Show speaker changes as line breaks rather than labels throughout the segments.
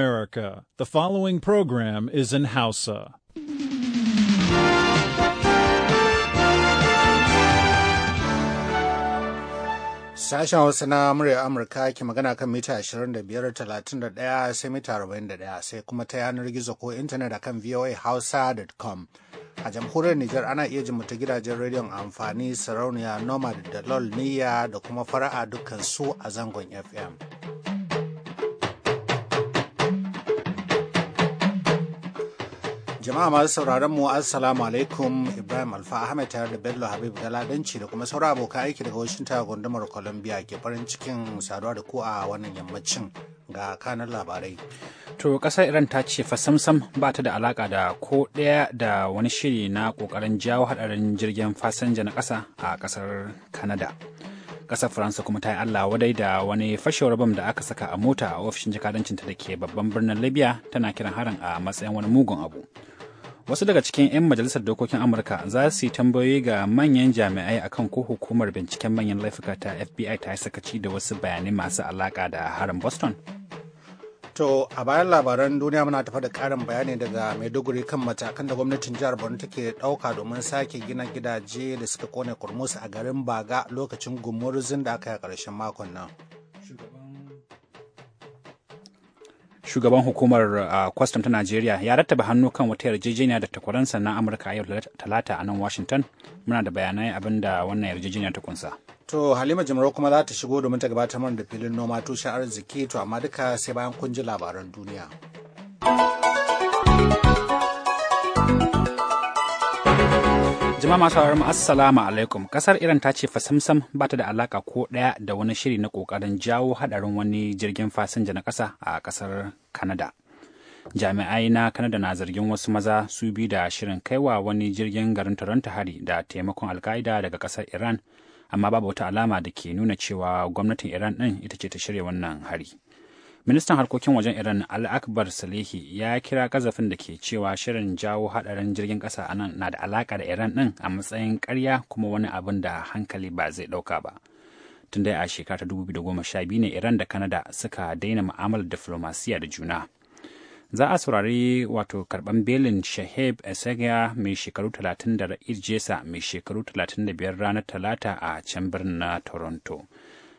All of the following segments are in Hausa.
America. The following program is in Hausa. Sashen Hausa na murya Amurka ke magana kan mita 25-31 sai mita 41 sai kuma ta yanar gizo ko intanet akan voahausa.com. A jamhuriyar Nijar ana iya jin gidajen rediyon amfani sarauniya Nomad da Lol Niyya da kuma fara'a dukkan su a zangon FM. Jama'a masu sauraron mu assalamu alaikum Ibrahim Alfa Ahmed tare da Bello Habib Galadanci da kuma sauran abokan aiki daga Washington gundumar Columbia ke farin cikin saduwa da ku a wannan yammacin ga kanan labarai. To kasar Iran ta ce fasamsam ba ta da alaka da ko ɗaya da wani shiri na
kokarin jawo hadarin jirgin fasinja na ƙasa a ƙasar Canada. Ƙasar Faransa kuma ta yi Allah wadai da wani fashewar bam da aka saka a mota a ofishin jakadancinta da ke babban birnin Libya tana kiran harin a matsayin wani mugun abu. wasu daga cikin 'yan majalisar dokokin amurka za su yi tambayoyi ga manyan jami'ai akan ko hukumar binciken manyan laifuka ta fbi ta sakaci da wasu bayanai masu alaƙa da harin boston
to a bayan labaran duniya muna tafa da karin bayani daga maiduguri kan matakan da gwamnatin jihar borno take ɗauka domin sake gina gidaje da suka kone kurmusu a garin baga lokacin gumurzun da aka yi a karshen makon nan
shugaban hukumar uh, kwastam ta najeriya ya rattaba hannu kan wata yarjejeniya da takwaransa na amurka yau talata a nan washington muna da bayanai abin da wannan yarjejeniya ta kunsa
to halima jimaro kuma za ta shigo domin ta gabatar mana da filin noma tushen arziki to amma duka sai bayan kun ji labaran duniya
Jama'a masu mu
assalamu alaikum. Kasar Iran ta ce fasamsam ba ta da alaka ko ɗaya da wani shiri na ƙoƙarin jawo haɗarin wani jirgin fasinja na ƙasa a ƙasar Kanada. Jami'ai na Kanada na zargin wasu maza su bi da shirin kaiwa wani jirgin garin Toronto hari da taimakon alka'ida daga ƙasar Iran, amma babu wata alama da ke nuna cewa gwamnatin Iran ɗin ita ce ta shirya wannan hari. ministan harkokin wajen iran al'akbar salehi ya kira kazafin da ke cewa shirin jawo hadarin jirgin kasa a nan na da alaka da iran din a matsayin karya kuma wani abin da hankali ba zai dauka ba tun dai a shekara ta 2012 ne iran da kanada suka daina ma'amalar diflomasiya da juna za a saurari wato karban belin shaheb esegya mai shekaru 30 da ra'ir jesa mai shekaru 35 ranar talata a can birnin na toronto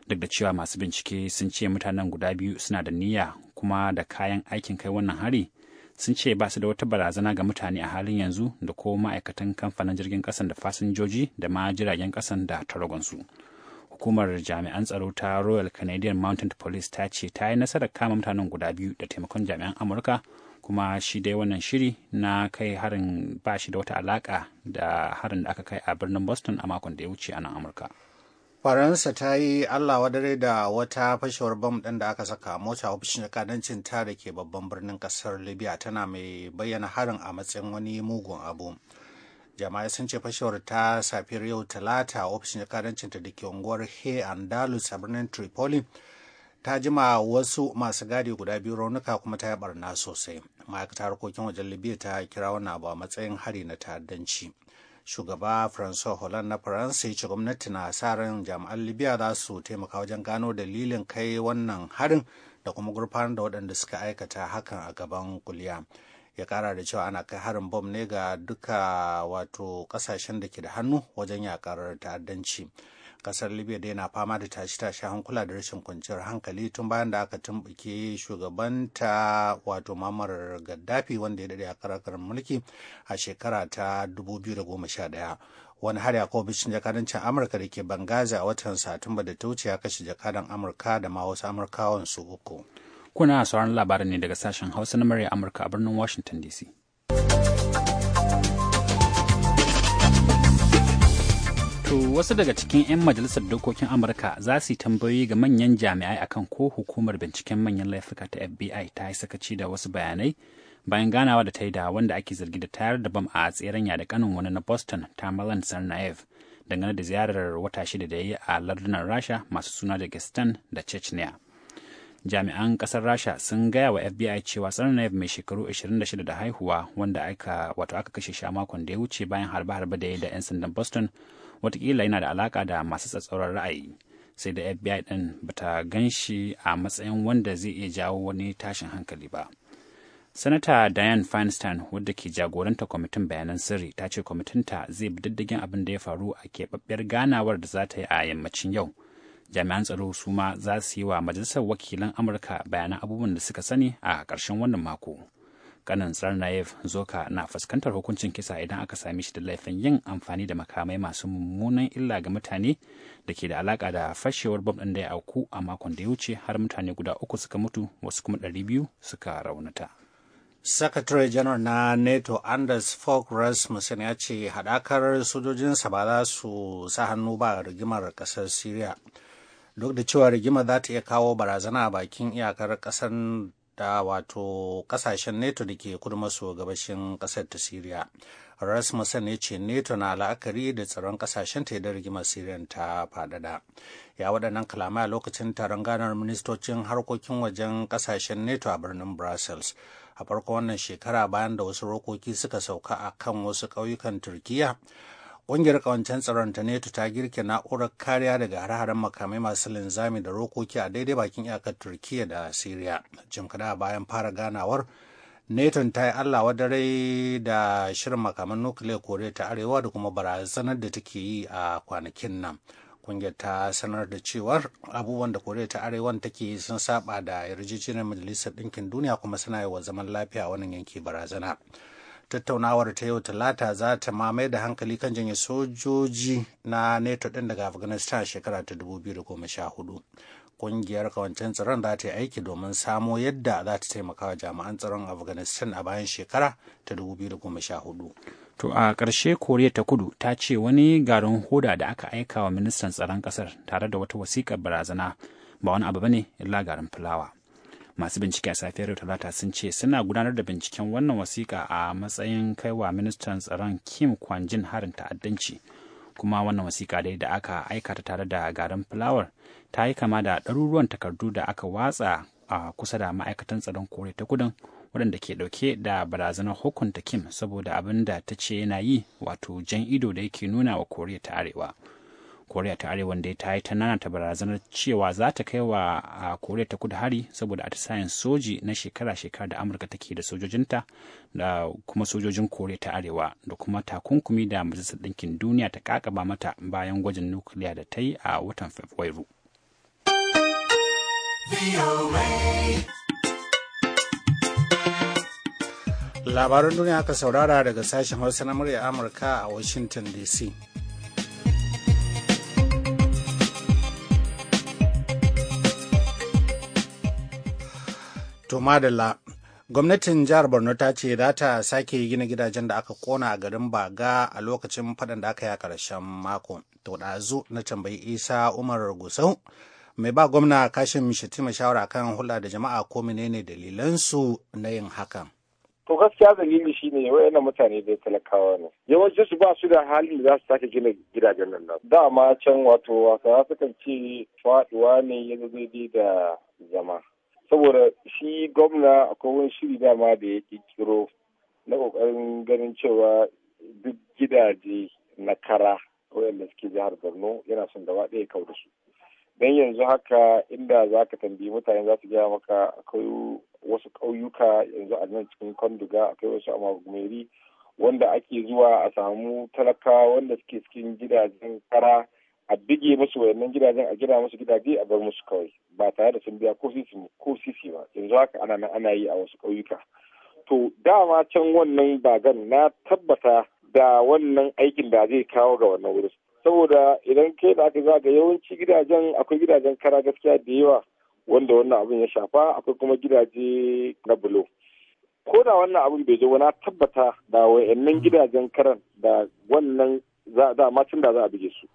duk da cewa masu bincike sun ce mutanen guda biyu suna da niyya kuma da kayan aikin kai wannan hari sun ce ba su da wata barazana ga mutane a halin yanzu da ko ma'aikatan kamfanin jirgin kasan da fasinjoji da ma jiragen kasan da taragonsu hukumar jami'an tsaro ta royal canadian mountain police ta ce ta yi nasarar kama mutanen guda biyu da taimakon jami'an amurka kuma shi dai wannan shiri na kai harin ba shi da wata alaka da harin da aka kai a birnin boston a makon da ya wuce a nan amurka
faransa ta yi allah wadare da wata fashewar bam ɗin da aka saka mota ofishin kadancin ta da ke babban birnin ƙasar libya tana mai bayyana harin a matsayin wani mugun abu jama'a sun ce fashewar ta safiyar yau talata ofishin kadancin ta da ke unguwar he andalus a birnin tripoli ta jima wasu masu gadi guda biyu raunuka kuma ta yi barna sosai ma'aikatar harkokin wajen libya ta kira wannan abu a matsayin hari na ta'addanci shugaba francois hollande na faransa ya ce gwamnati na sa ran jami'an libya za su taimaka wajen gano dalilin kai wannan harin da kuma gurfanar da waɗanda suka aikata hakan a gaban kuliya ya kara da cewa ana kai harin bom ne ga duka wato ƙasashen da ke da hannu wajen yakar ta'addanci. kasar libya da yana fama da tashi-tashi hankula da rashin kwanciyar hankali tun bayan da aka tumbuke shugabanta wato mamar gaddafi wanda ya dade a karakar mulki a shekara ta 2011 wani har ya kawo bishin jakadancin amurka da ke bangazi a watan satumba da ta wuce ya kashe jakadan amurka da ma wasu amurkawan su uku kuna sauran labarin ne daga
sashen hausa na murya amurka a birnin washington dc To wasu daga cikin 'yan majalisar dokokin Amurka za su yi tambayoyi ga manyan jami'ai akan ko hukumar binciken manyan laifuka ta FBI ta yi sakaci da wasu bayanai bayan ganawa da ta yi da wanda ake zargi da tayar da bam a tseren yada kanin wani na Boston ta Malan Sarnaev dangane da ziyarar wata shida da ya yi a lardunan Rasha masu suna da Gestan da Chechnya. jami'an kasar rasha sun gaya wa fbi cewa tsarnayev mai shekaru 26 da haihuwa wanda aka wato aka kashe shi makon da ya wuce bayan harbe-harbe da ya da 'yan sandan boston watakila yana da alaka da masu tsatsauran ra'ayi sai da fbi din bata gan shi a matsayin wanda zai iya jawo wani tashin hankali ba sanata diane feinstein wadda ke jagoranta kwamitin bayanan sirri ta ce kwamitinta zai bi diddigin abin da ya faru a keɓaɓɓiyar ganawar da za ta yi a yammacin yau jami'an tsaro su ma za su yi wa majalisar wakilan amurka bayanan abubuwan da suka sani a ƙarshen wannan mako kanan naif zoka na fuskantar hukuncin kisa idan aka same shi da laifin yin amfani da makamai masu mummunan illa ga mutane da ke da alaka da fashewar bom ɗin da ya auku a makon da ya wuce har mutane guda uku suka mutu wasu kuma ɗari biyu suka
raunata Secretary General na NATO Anders Fogh Rasmussen ya ce haɗakar sojojinsa ba za su sa hannu ba rigimar ƙasar Syria. duk da cewa rigima za ta iya kawo barazana a bakin iyakar kasar da wato kasashen neto da ke kudu maso gabashin kasar ta siriya rasmussen ya ce neto na la'akari da tsaron kasashen ta da rigimar siriyan ta faɗaɗa ya waɗannan kalamai a lokacin taron ganar ministocin harkokin wajen ƙasashen neto a birnin brussels a farko wannan shekara bayan da wasu rokoki suka sauka a kan wasu ƙauyukan turkiyya Ƙungiyar ƙawancen tsaron ta neto ta girke na'urar kariya daga hare-haren makamai masu linzami da rokoki a daidai bakin iyakar Turkiyya da Siriya. Jim kada bayan fara ganawar, neton ta yi Allah dare da shirin makaman nukiliya Koriya ta Arewa da kuma barazanar da take yi a kwanakin nan. Ƙungiyar ta sanar da cewar abubuwan da Koriya ta Arewan take yi sun saba da yarjejeniyar Majalisar Ɗinkin Duniya kuma suna yi wa zaman lafiya a wannan yanki barazana. tattaunawar ta yau talata za ta mamaye da hankali kan janye sojoji na neto ɗin daga afghanistan shekara ta 2014 kungiyar kawancin tsaron za ta yi aiki domin samo yadda za ta taimaka wa jami'an tsaron afghanistan a bayan shekara ta 2014
to a ƙarshe koriya ta kudu ta ce wani garin hoda da aka aika wa ministan tsaron ƙasar tare da wata wasiƙar barazana ba wani abu bane illa garin fulawa masu bincike a safiyar yau talata sun ce suna gudanar da binciken wannan wasiƙa a matsayin kaiwa ministan tsaron kim kwanjin harin ta'addanci kuma wannan wasiƙa dai da aka aika tare da garin fulawar ta yi kama da ɗaruruwan takardu da aka watsa a kusa da ma'aikatan tsaron kore ta kudin waɗanda ke ɗauke da barazanar hukunta kim saboda abin da ta ce yana yi wato jan ido da yake nuna wa koriya ta arewa koriya ta arewa da ta yi ta ta barazanar cewa za ta kai wa koriya ta kudu hari saboda atisayen soji na shekara-shekara da amurka take da sojojinta da kuma sojojin koriya ta arewa da kuma takunkumi da majalisar ɗinkin duniya ta kakaba mata bayan gwajin nukiliya da ta yi a watan fabrairu
labaran duniya aka saurara daga sashen hausa na murya amurka a washington dc To madalla gwamnatin jihar borno ta ce za ta sake gina gidajen da aka kona a garin baga a lokacin faɗan da aka yi a ƙarshen mako to ɗazu na tambayi isa umar gusau mai ba gwamna kashin shatima shawara kan hula da jama'a ko menene dalilansu na yin hakan
to gaskiya dalili shine wayannan mutane da talakawa ne yawancin su ba su da halin da za su sake gina gidajen nan da dama can wato wasa sukan ce faduwa ne ya daidai da zama saboda shi gwamna akwai wani shiri dama da ya kiro na kokarin ganin cewa duk gidaje na kara wayanda suke jihar borno yana son gaba ɗaya kau da su don yanzu haka inda za ka tambayi mutane za su gaya maka akwai wasu ƙauyuka yanzu a nan cikin kwanduga akwai wasu a wanda ake zuwa a samu talaka wanda suke cikin gidajen kara a bige musu wayannan gidajen a gina musu gidaje a bar musu kawai ba tare da sun biya ko sisi ko sisi ba yanzu haka ana nan ana yi a wasu ƙauyuka to dama can wannan bagan na tabbata da wannan aikin da zai kawo ga wannan wurin saboda idan kai da aka ga yawanci gidajen akwai gidajen kara gaskiya da yawa wanda wannan abin ya shafa akwai kuma gidaje na bulo ko da wannan abin bai zo na tabbata da wayannan gidajen karan da wannan za a da za a bige su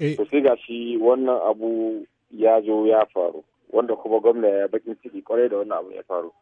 Eh. to sai ga shi wannan abu ya zo ya faru wanda kuma gwamna ya bakin ciki kwarai da wannan abu ya faru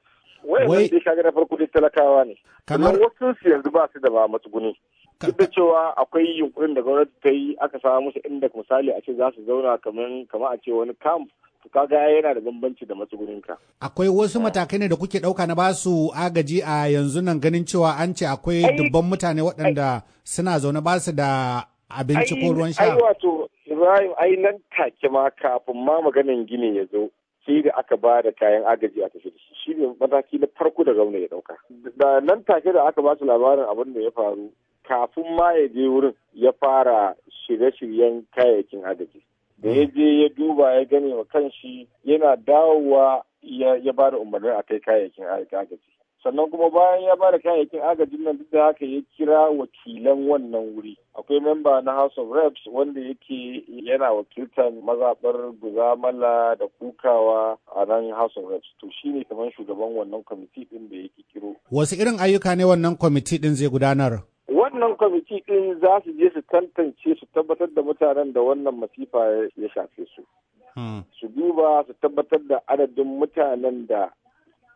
wai sai kaga na farko dai talakawa ne kamar wasu su yanzu ba su da ba matsuguni duk da cewa akwai yunkurin da gwamnati ta yi aka samu musu inda misali a ce za su zauna kamar a ce wani camp to kaga yana da bambanci da ka
akwai wasu matakai ne da kuke ɗauka na basu agaji a yanzu nan ganin cewa an ce akwai dubban mutane waɗanda suna zaune ba su da abinci ko ruwan sha? Ai
wato Ibrahim ai nan take ma kafin ma maganin gini ya zo sai da aka ba da kayan agaji a tafi da shi shi ne mataki na farko da gwamna ya dauka. Da nan take da aka ba su labarin abin da ya faru kafin ma ya je wurin ya fara shirye-shiryen kayayyakin agaji. Da ya je ya duba ya gane wa kanshi yana dawowa ya ba da umarnin a kai kayayyakin agaji. sannan kuma bayan ya bada kayayyakin agajin nan duk da haka ya kira wakilan wannan wuri akwai memba na house of reps wanda yake yana wakiltar mazaɓar guzamala da kukawa a nan house of reps to shine kamar shugaban wannan kwamiti ɗin da yake kiro
wasu irin ayyuka ne wannan kwamiti ɗin zai gudanar
wannan kwamiti ɗin za su je su tantance su tabbatar da mutanen da wannan masifa ya shafe su hmm. su duba su tabbatar da adadin mutanen da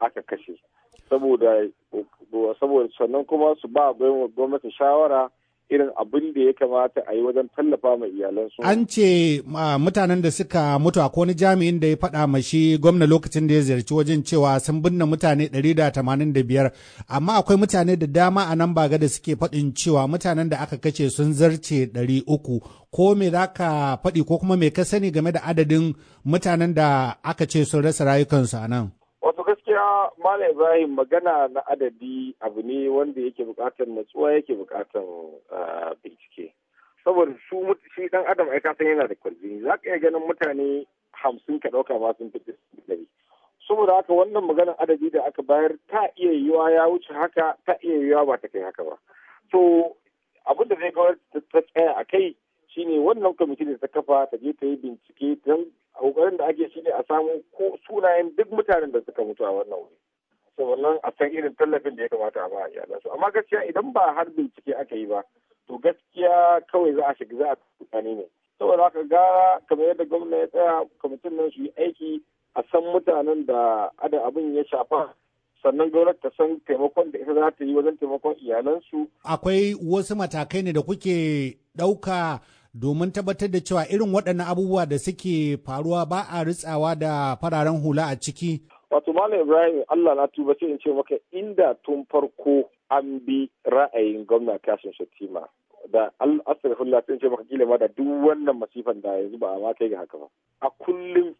aka kashe saboda saboda sannan kuma su ba gwamnati shawara irin abin da ya kamata a yi wajen tallafa ma iyalansu.
An ce mutanen da suka mutu a wani jami'in da ya faɗa ma shi gwamna lokacin da ya ziyarci wajen cewa sun binne mutane 185 amma akwai mutane da dama a nan baga da suke faɗin cewa mutanen da aka kace sun zarce 300 ko me za ka faɗi ko kuma me ka sani game da adadin mutanen da aka ce sun rasa rayukansu a nan.
gaskiya Malam Ibrahim magana na adadi abu ne wanda yake bukatar natsuwa yake bukatar ah, bincike. Saboda su shi dan adam ai san yana da kwalbi za ka iya ganin mutane hamsin ka dauka ba sun su ɗari. Saboda haka wannan maganar adadi da aka bayar ta iya yiwa ya wuce haka ta iya yiwa ba ta kai haka ba. to abin da zai kawar ta tsaya a kai shine wannan kwamiti da ta kafa ta je ta yi bincike don a kokarin da ake shine a samu ko sunayen duk mutanen da suka mutu a wannan wuri wannan a san irin tallafin da ya kamata a ba a su amma gaskiya idan ba har bincike aka yi ba to gaskiya kawai za a shiga za a tsani ne saboda haka gara kamar yadda gwamna ya tsaya kwamitin nan su aiki a san mutanen da ada abin ya shafa sannan gwamnati ta san taimakon da ita za ta yi wajen taimakon iyalansu.
Akwai wasu matakai ne da kuke ɗauka domin tabbatar da cewa irin waɗannan abubuwa da suke faruwa ba a ritsawa da fararen hula a ciki.
Wato Malam Ibrahim Allah na tuba sai in ce maka inda tun farko an bi ra'ayin gwamna Kashim Shattima da Allah sai in ce maka kila ma da duk wannan masifan da yanzu ba a ma kai ga haka ba. A kullum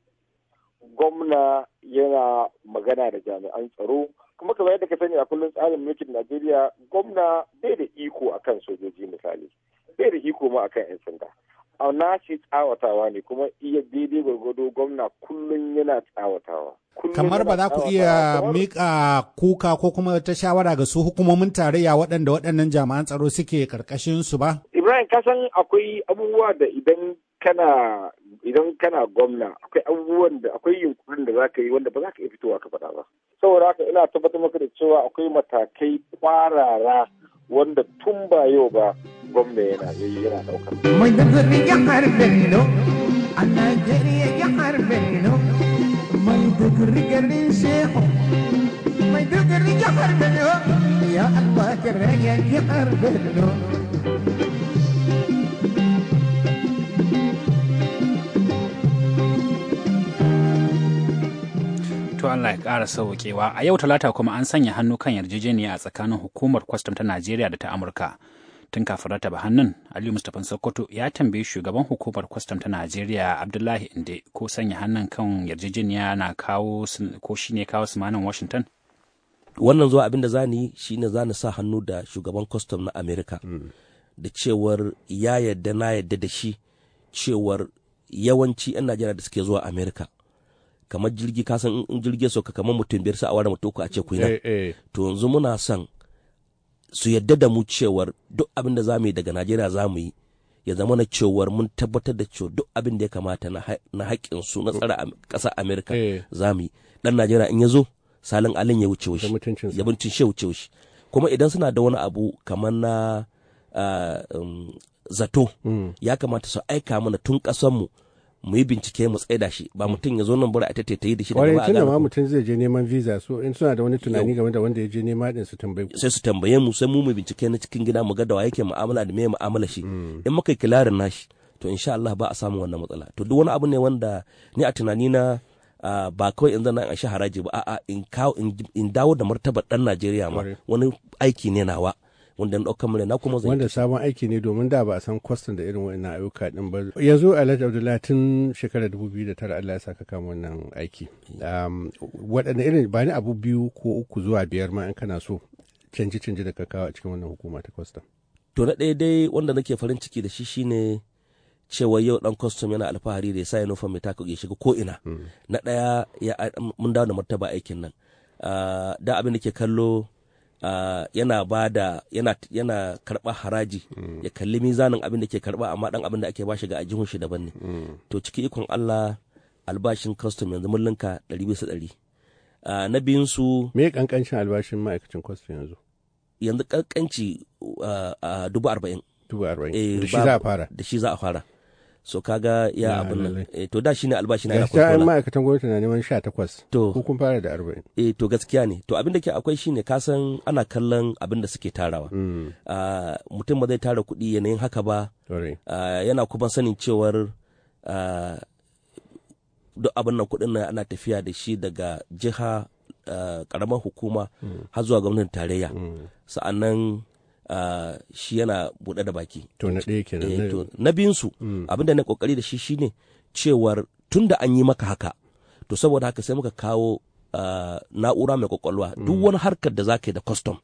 gwamna yana magana da jami'an tsaro kuma kamar yadda ka sani a kullum tsarin mulkin Najeriya gwamna bai da iko akan sojoji misali bai da iko ma akan 'yan sanda a shi tsawatawa ne kuma iya daidai gwargwado gwamna kullum yana tsawatawa kamar ba za ku
iya mika kuka ko kuma ta shawara ga su hukumomin tarayya waɗanda waɗannan jami'an tsaro suke karkashin su ba
ibrahim kasan akwai abubuwa da idan kana idan kana gwamna akwai abubuwan da akwai yunkurin da zaka yi wanda ba za ka iya fitowa ka faɗa ba saboda haka ina tabbatar maka da cewa akwai matakai kwarara wanda tun ba yau ba gwamna yana yayi yana daukar
manazir jihar Bello a Najeriya jihar Bello mai digiri garin shehu mai digiri jihar Bello ya Allah kira ya jihar Bello
Allah ya ƙara sauƙewa. A yau Talata kuma an sanya hannu kan yarjejeniya a tsakanin hukumar kwastam ta Najeriya da ta Amurka. Tun kafin ba hannun, Aliyu Mustapha Sokoto ya tambayi shugaban hukumar kwastam ta Najeriya Abdullahi Inde ko sanya
hannun kan yarjejeniya na kawo ko shine kawo sumanin Washington. Wannan zuwa abin da za ni shine za sa hannu da shugaban kwastam na Amerika. Hmm. Da cewar ya yarda na yarda da shi cewar yawanci 'yan Najeriya da suke zuwa Amerika kamar jirgi ka san in jirgi sauka kamar mutum biyar sa a mutu mutum a ce ku nan eh, eh. to yanzu muna son su yadda da mu cewar duk abin da za mu yi daga Najeriya za mu yi ya zama na cewar mun tabbatar da cewa duk abin da ya kamata na haƙƙin su na tsara ƙasa Amerika eh. za mu yi dan Najeriya in ya zo salin alin ya wuce shi ya bincin shi wuce shi kuma idan suna da wani abu kamar na ah, um, zato hmm. ya kamata su aika mana tun ƙasar mu mu yi bincike mu tsaida shi ba mutum ya zo nan bura a ta yi da shi da ba a gano
mutum zai je neman visa so in suna da wani tunani game da wanda ya je nema din su tambaye
sai su tambaye mu sai mu mu bincike na cikin gida mu ga da wa yake mu'amala da me mu'amala shi hmm. in muka yi kilarin nashi to insha Allah ba a samu wannan matsala to duk wani abu ne wanda ni a tunani na ba kawai in zana a shi haraji ba a'a in kawo in dawo da martabar dan Najeriya ma wani aiki ne nawa wanda na ɗaukar murya na kuma zai wanda
sabon aiki ne domin da ba a san kwastan da irin wannan ayyuka din ba yanzu alhaji abdullahi tun shekarar 2009 allah ya saka kama wannan aiki um, waɗanne irin ba ni abu biyu ko uku zuwa biyar ma in kana so canji canji da ka kawo a cikin wannan hukuma ta kwastan.
to na ɗaya dai wanda nake farin ciki da shi shine cewa yau dan kwastom yana alfahari da ya sa uniform mai taka ya shiga ko'ina hmm. na ɗaya mun dawo da martaba aikin nan ah, da abin da ke kallo Uh, yana ba da yana yana karba haraji mm. ya kalli mizanin abin da ke karba amma dan abin da ake bashi ga ajihun shi daban ne mm. to ciki ikon Allah albashin custom yanzu mun linka 100 na biyun su me kankancin albashin ma'aikacin custom yanzu yanzu kankanci dubu arba'in dubu arba'in eh, da shi za a fara da shi za a fara so kaga ya abin nan eh, to da shine albashi na gaskiya an
ma'aikatan gwamnati na neman 18 to hukun fara da 40 eh to gaskiya ne
to abin da ke akwai shine ka san ana kallon abin da suke tarawa hmm. ah, mutum ba zai tara kuɗi yanayin haka ba ah, yana kuma sanin cewar ah, duk abin nan kuɗin nan ana tafiya da shi daga jiha karamar hukuma hmm. har zuwa gwamnatin tarayya hmm. sa'annan shi yana buɗe da baki to na ɗaya kenan eh, na biyun su hmm. Abin da na ƙoƙari da shi shine cewar tun da an yi maka haka to saboda haka sai muka kawo na'ura mai ƙwaƙwalwa, duk hmm. wani harkar da zaka yi da custom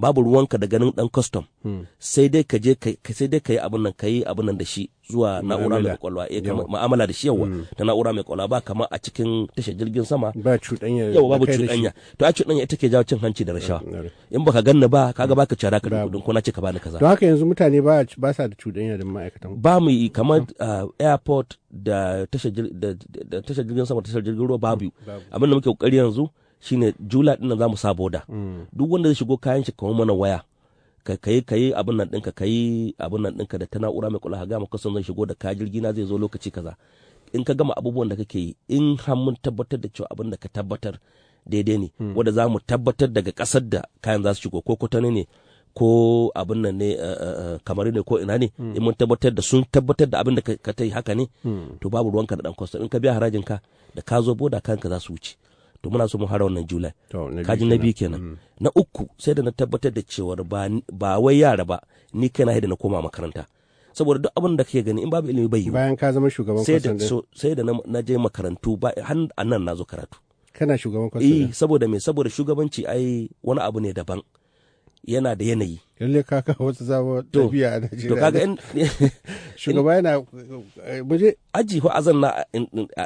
babu ruwanka da ganin dan custom hmm. sai dai ka je sai dai ka yi abin nan ka yi abin nan da shi zuwa na'ura mai kwakwalwa eh kamar mu'amala da shi yawa ta hmm. na'ura mai kwakwalwa ba kamar a cikin tashar jirgin sama
ba cuɗanya yawa babu cuɗanya
to a cuɗanya ita ke jawo cin hanci da rashawa in baka ganni ba kaga hmm. baka cara ka kudin ko na ce ka bani kaza to haka
yanzu mutane ba ba sa
da cuɗanya da ma'aikatan ba mu yi kamar ah, airport da tashar jirgin sama tashar jirgin ruwa babu abin da muke kokari yanzu shine jula dinnan za zamu sa boda mm. duk wanda zai shigo kayan shi kawo mana waya ka kai kai abin nan ɗinka kai abin nan ɗinka da ta na'ura mai kula ga maka son zai shigo da ka jirgi na zai zo lokaci kaza in ka gama abubuwan da kake yi in har mun tabbatar da cewa abin da ka tabbatar daidai ne mm. wanda za mu tabbatar daga ƙasar da kayan za su shigo ko kota ne ko abin nan ne eh, eh, eh, kamar ne ko ina ne mm. in mun tabbatar da sun tabbatar da abin da ka ta yi haka ne to babu ruwanka da dan kwastam in ka biya harajin ka da ka zo boda kanka za su wuce to muna so mu hara wannan julai kaji na biyu kenan mm. na uku sai da na tabbatar da cewar ba wai yara ba ni kaina da na koma makaranta saboda duk abin da kake gani in babu ilimi bai yi
bayan ka zama shugaban kwasan
sai da na je makarantu ba har nan na zo karatu
kana shugaban kwasan eh
saboda me saboda shugabanci ai wani abu ne daban yana da yanayi
lalle ka kawo wasu zama tafiya a Najeriya to kaga in shugaba yana
eh, muje aji ko azan na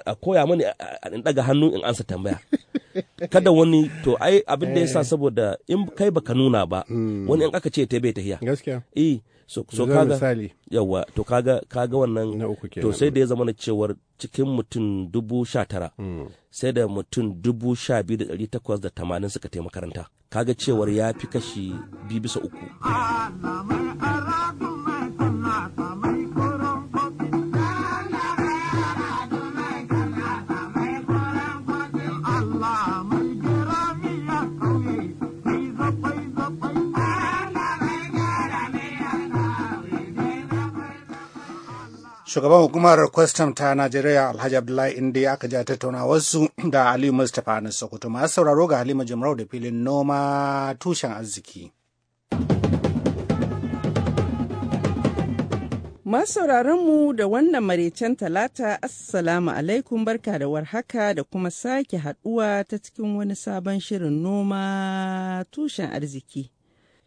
a koya mani in daga hannu in ansa tambaya kada wani to ai abin da yasa eh. saboda in kai baka nuna ba hmm. wani in aka ce ta bai tahiya gaskiya eh so, so kaga yawa to kaga kaga wannan to sai da ya zama na cewar cikin mutum dubu sha tara hmm. sai da mutum dubu sha biyu da ɗari takwas da tamanin suka taimaka makaranta kaga cewar ya fi kashi biyu bisa uku
shugaban hukumar kwastam ta najeriya alhaji abdullahi inda aka ja tattaunawarsu da aliyu mustapha na sokoto masu sauraro ga halima jimrau da filin noma tushen arziki
sauraron mu da wannan maraicen talata assalamu alaikum barka da warhaka da kuma sake haduwa ta cikin wani sabon shirin noma tushen arziki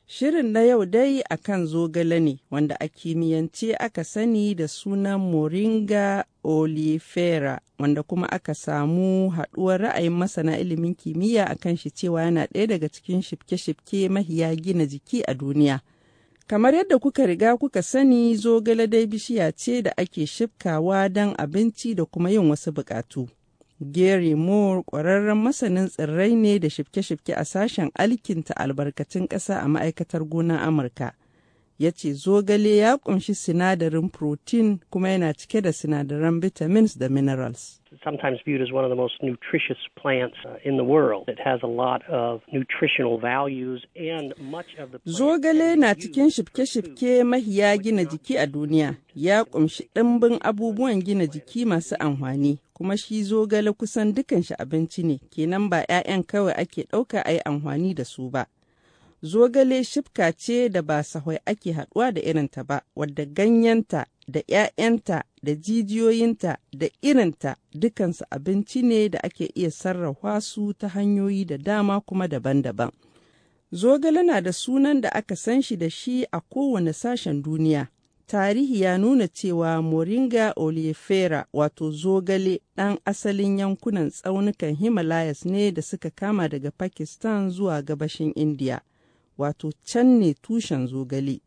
Shirin na yau dai a kan zogale ne wanda a kimiyyance aka sani da sunan Moringa olifera wanda kuma aka samu haɗuwar ra'ayin masana ilimin kimiyya a kan shi cewa yana ɗaya daga cikin shifke-shifke mahiya gina jiki a duniya. Kamar yadda kuka riga kuka sani zogale dai bishiya ce da ake shifkawa don abinci da kuma yin wasu buƙatu. Gary Moore ƙwararren masanin tsirrai ne da shifke-shifke a sashen alkinta albarkatun ƙasa a ma'aikatar gonan Amurka. ya ce zogale ya kunshi sinadarin protein kuma yana cike da sinadaran vitamins da minerals. Sometimes
viewed as one of the most nutritious plants uh, in the world. It has a lot of nutritional
values and much of the Zogale na cikin shifke-shifke mahiya gina jiki a duniya. Ya kumshi ɗimbin abubuwan gina jiki masu amfani. Kuma shi zogale kusan dukan shi abinci ne, kenan ba 'ya'yan kawai ake ɗauka a yi amfani da su ba. zogale shifka ce da ba sahoi ake haɗuwa da irinta ba wadda ganyenta da ‘ya'yanta da jijiyoyinta da irinta dukansu abinci ne da ake iya sarrafa su ta hanyoyi da dama kuma daban-daban. Zogale na da sunan da aka san shi da shi a kowane sashen duniya. Tarihi ya nuna cewa Moringa oleifera wato zogale ɗan asalin yankunan tsaunukan Himalayas ne da suka kama daga Pakistan zuwa gabashin India. wato can ne tushen zogale.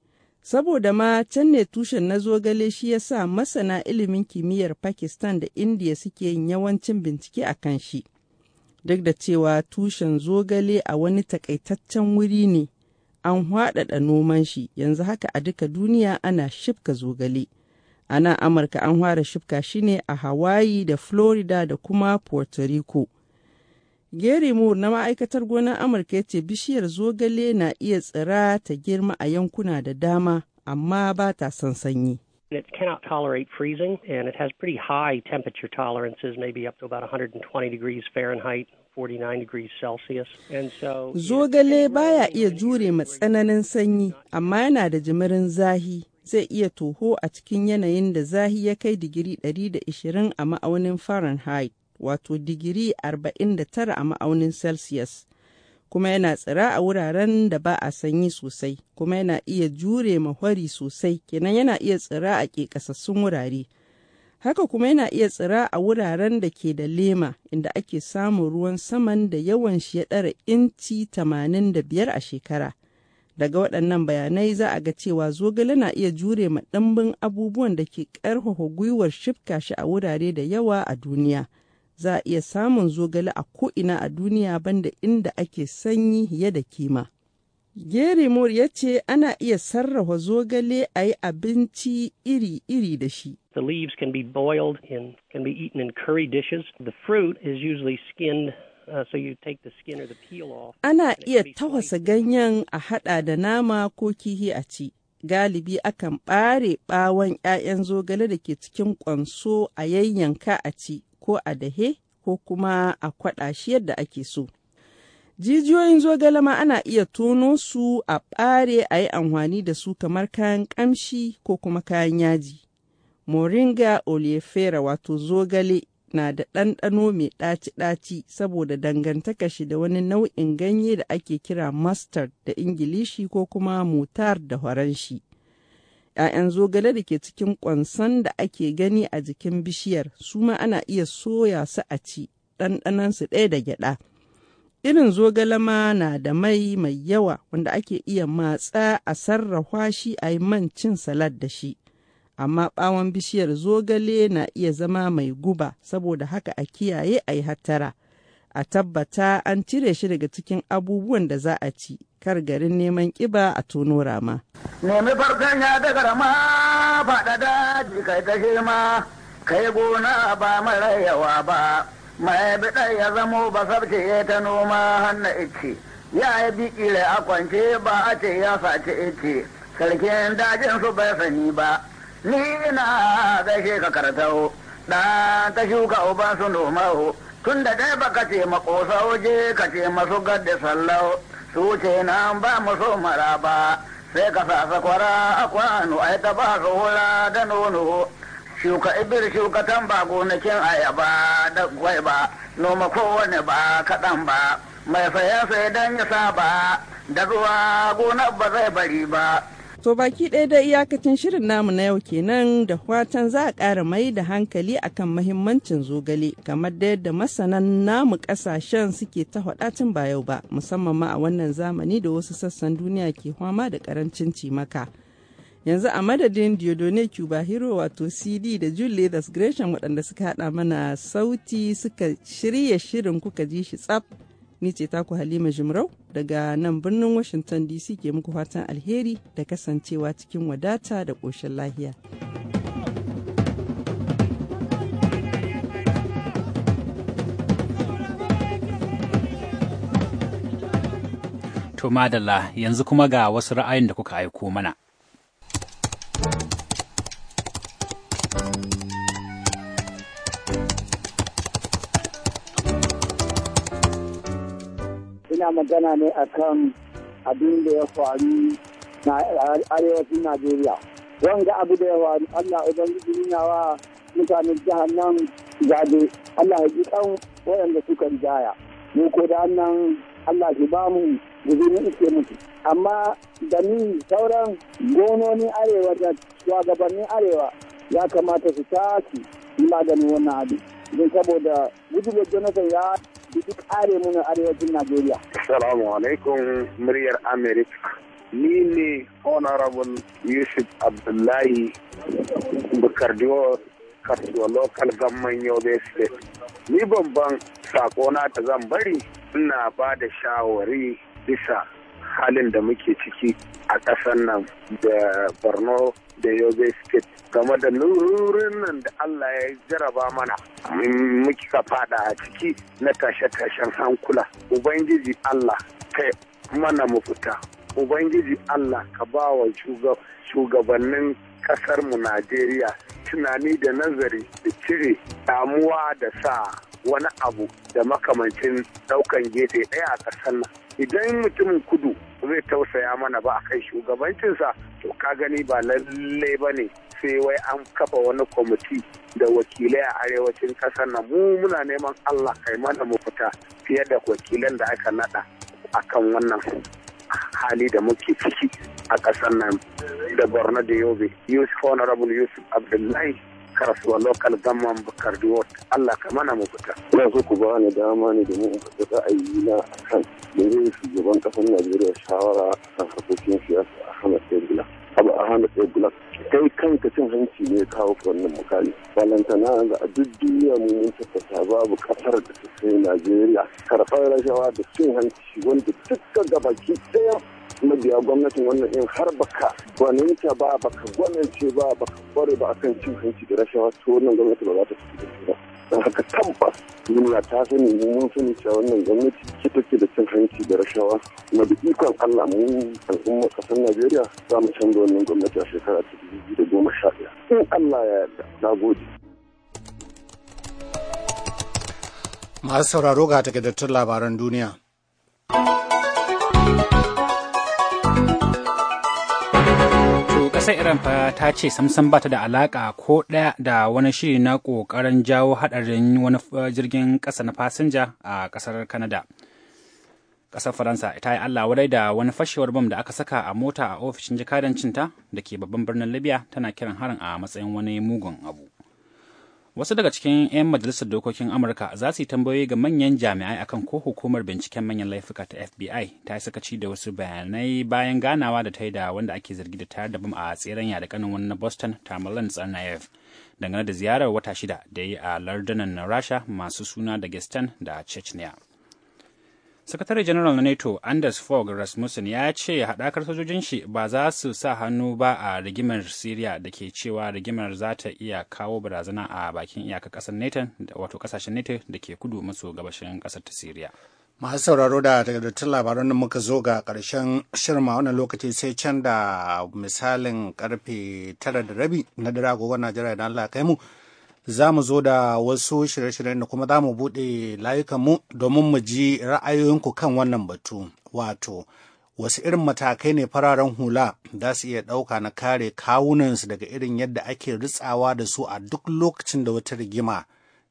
Saboda ma can ne tushen na zogale shi ya sa masana ilimin kimiyyar Pakistan da Indiya suke yin yawancin bincike a kan shi. Duk da cewa tushen zogale a wani takaitaccen wuri ne, an haɗaɗa noman shi yanzu haka a duka duniya ana shifka zogale. A Amurka an fara shifka shi ne a Hawaii da Florida da kuma Puerto Rico. Gary Moore na ma'aikatar gonar Amurka ya ce bishiyar zogale na iya tsira ta girma a yankuna da dama amma ba ta son sanyi.
It cannot tolerate freezing and it has pretty high temperature tolerances, maybe up to about 120 degrees Fahrenheit, 49 degrees Celsius. And so, Zogale
baya iya jure matsananin sanyi, amma yana da jimirin zahi. Zai iya toho a cikin yanayin da zahi ya kai digiri 120 a ma'aunin Fahrenheit wato digiri 49 a ma'aunin celsius kuma yana tsira a wuraren da ba a sanyi sosai kuma yana iya jure mahwari sosai kenan yana iya tsira a ƙeƙasassun wurare haka kuma yana iya tsira a wuraren da ke da lema inda ake samun ruwan saman da yawan shi ya ɗara inci 85 a shekara daga waɗannan bayanai za a ga cewa zogale na iya jure ma ɗanbin abubuwan da ke ƙarfafa gwiwar shifka shi a wurare da yawa a duniya. za a iya samun zogale a ko'ina a duniya banda inda ake sanyi ya da kima. Gary Moore ya ce ana iya sarrafa zogale a yi abinci iri-iri da shi.
The leaves can be boiled and can be eaten in curry dishes. The fruit is usually skinned uh,
Ana iya tawasa ganyen a haɗa da nama ko kihi a ci. Galibi akan ɓare ɓawon ‘ya'yan zogale da ke cikin ƙwanso a yayyanka a ci, ko a dahe ko kuma a kwaɗa shi yadda ake so. Jijiyoyin zogale ma ana iya tono su a ɓare a yi amfani da su kamar kayan ƙamshi ko kuma kayan yaji. Moringa oleifera wato zogale na da ɗanɗano mai ɗaci-ɗaci saboda dangantaka shi da wani nau'in ganye da ake kira mustard da Ingilishi ko kuma motar da horanshi ‘Ya'yan zogale da ke cikin ƙwansan da ake gani a jikin bishiyar su ma ana iya soya su a ci ɗanɗanansu ɗaya da gyaɗa. Irin zogale ma na da mai mai yawa wanda ake iya matsa a sarrafa shi a yi man cin salad da shi. Amma ɓawon bishiyar zogale na iya zama mai guba saboda haka a kiyaye a yi hattara. A tabbata an cire shi daga cikin abubuwan da za a ci kar garin neman kiba a tono rama.
Nemi farkon ya daga rama faɗa daji kai ta shema kai gona ba mara yawa ba mai ya zamo ba sarki ya ta noma hannu ice ya yi biki da a kwance ba a ce ya sace ice sarkin dajin su bai sani ba ni na gaishe ka kartau da ta shuka uban su noma tun da ɗaya baka ce makosa waje ka ce masu gadda sallau su ce nan ba mu so maraba sai ka sa sakwara a kwano a ta ba su hula da nono shuka ibir shuka tan ba gonakin ayaba da gwai ba noma kowane ba kaɗan ba mai sayan sai don ya ba
da ruwa gonar ba zai bari ba To baki ɗaya da iyakacin shirin namu na yau kenan da fatan za a ƙara mai da hankali akan mahimmancin zogale kamar da yadda masanan namu ƙasashen suke ta faɗacin ba yau ba musamman ma a wannan zamani da wasu sassan duniya ke fama da ƙarancin cimaka. Yanzu a madadin Diodone Cuba Hero wato CD da Julie Leathers Gresham waɗanda suka haɗa mana sauti suka shirya shirin kuka ji shi tsaf ni ce taku halima jimrau daga nan birnin washington dc ke muku fatan alheri da kasancewa cikin wadata da ƙoshin lahiya.
To
madalla yanzu kuma ga wasu ra'ayin da kuka aiko mana.
magana ne a kan abin da ya faru na arewacin Najeriya. Wanda abu da ya faru Allah Ubangiji yana wa mutanen jihar nan zabe Allah ya ji kan waɗanda suka jaya. Mu ko da nan Allah ya ba mu guzuri ike mutu. Amma da ni sauran gononin arewa da shugabannin arewa ya kamata su Ina maganin wannan abu. Don saboda gudunar Jonathan ya duk are muna arewacin Najeriya. Assalamu alaikum muryar Amerika. Ni ne Honorable Yusuf Abdullahi Bukardiyo Kasuwa Local Gamman Yobe State. Ni banban sakona ta zan bari ina ba da shawari bisa halin da muke ciki a ƙasar nan da Borno da Yobe State game da lururin nan da Allah ya jaraba mana muke ka fada a ciki na tashe-tashen hankula. Ubangiji Allah kai mana mafita. Ubangiji Allah ka ba wa shugabannin ƙasarmu Najeriya tunani da nazari da cire damuwa da sa wani abu da makamancin ɗaukan gefe ɗaya a ƙasar nan. idan mutumin kudu zai tausaya mana ba a kai shugabancinsa to ka gani ba lalle ba ne sai wai an kafa wani kwamiti da wakilai a arewacin ƙasar nan mu muna neman allah kai mana mu fita fiye da wakilan da aka nada akan wannan hali da muke ciki a ƙasar nan da borno da yobe yusuf honorable yusuf abdullahi kasuwa local government Bakardi Ward Allah ka mana mu fita. Ina so ku bani dama ne da mu fita ra'ayi na akan da zai shugaban kasar Najeriya shawara kan harkokin siyasa a Ahmed Abdullah Abu Ahmed Abdullah kai kanka cin hanci ne kawo wannan mukali. Balantana da a duk duniya mu mun tabbata babu kasar da ta Najeriya karɓar rashawa da cin hanci wanda dukkan gabaki ɗaya mabiya gwamnatin wannan in har baka gwaninta ba baka gwamnati ba baka kware ba akan cin hanci da rashawa to wannan gwamnati ba za ta fito ba don haka tabbas duniya ta sani mun sani cewa wannan gwamnati ce take da cin hanci da rashawa kuma da ikon Allah mu al'umma kasar Najeriya za mu canza wannan gwamnati a shekara ta dubu da goma sha ɗaya in Allah ya yarda na gode.
Masu sauraro ga takardattun labaran duniya.
ƙasar iran fa ta ce samsam bata da alaka ko ɗaya da wani shiri na ƙoƙarin jawo haɗarin wani eh, jirgin kasa na fasinja a ƙasar canada ƙasar faransa ta yi allah wadai da wani fashewar bam da aka saka a mota a ofishin jakadancinta da ke babban birnin libya tana kiran harin a matsayin wani mugun abu Wasu daga cikin 'yan majalisar dokokin Amurka za su yi tambayoyi ga manyan jami'ai akan ko hukumar binciken manyan laifuka ta FBI ta yi sakaci da wasu bayanai bayan ganawa da ta yi da wanda ake zargi da tayar da bam a tseren yada kanin wani na Boston, Tamerlan Tsarnaev, dangane da ziyarar wata shida da yi a lardunan na Rasha masu suna da Gestan da Chechnya. sakatare general na nato anders fogg rasmussen ya ce haɗakar sojojin shi ba za su sa hannu ba a rigimar syria da ke cewa rigimar za ta iya kawo barazana a bakin iyaka kasar nato wato ƙasashen nato da ke
kudu maso gabashin kasar ta syria masu sauraro da takardattun labaran da muka zo ga karshen shirma wannan lokaci sai can da misalin karfe tara da rabi na dare gogon najeriya da allah kai mu za mu zo da wasu shirye-shiryen da kuma za mu buɗe layukanmu domin mu ji ra'ayoyinku kan wannan batu wato wasu irin matakai ne fararen hula za su iya ɗauka na kare kawunansu daga irin yadda ake ritsawa da su a duk lokacin da wata rigima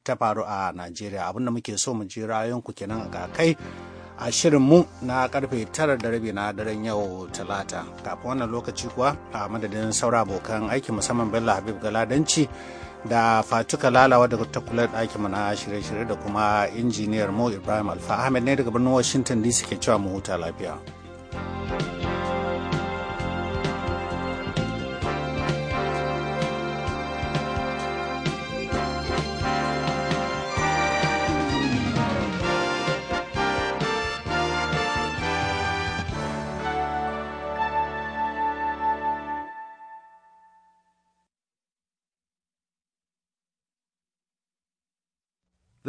ta faru a najeriya abinda muke so mu ji ra'ayoyinku kenan a kakai a shirin mu na karfe tara da rabi na daren yau talata kafin wannan lokaci kuwa a madadin saura abokan aiki musamman bello habib galadanci da fatuka lalawa daga takular ɗakinmu mana shirye-shirye da kuma injiniyar mu ibrahim alfa ahmed ne daga birnin washington dc ke cewa mu huta lafiya. thank you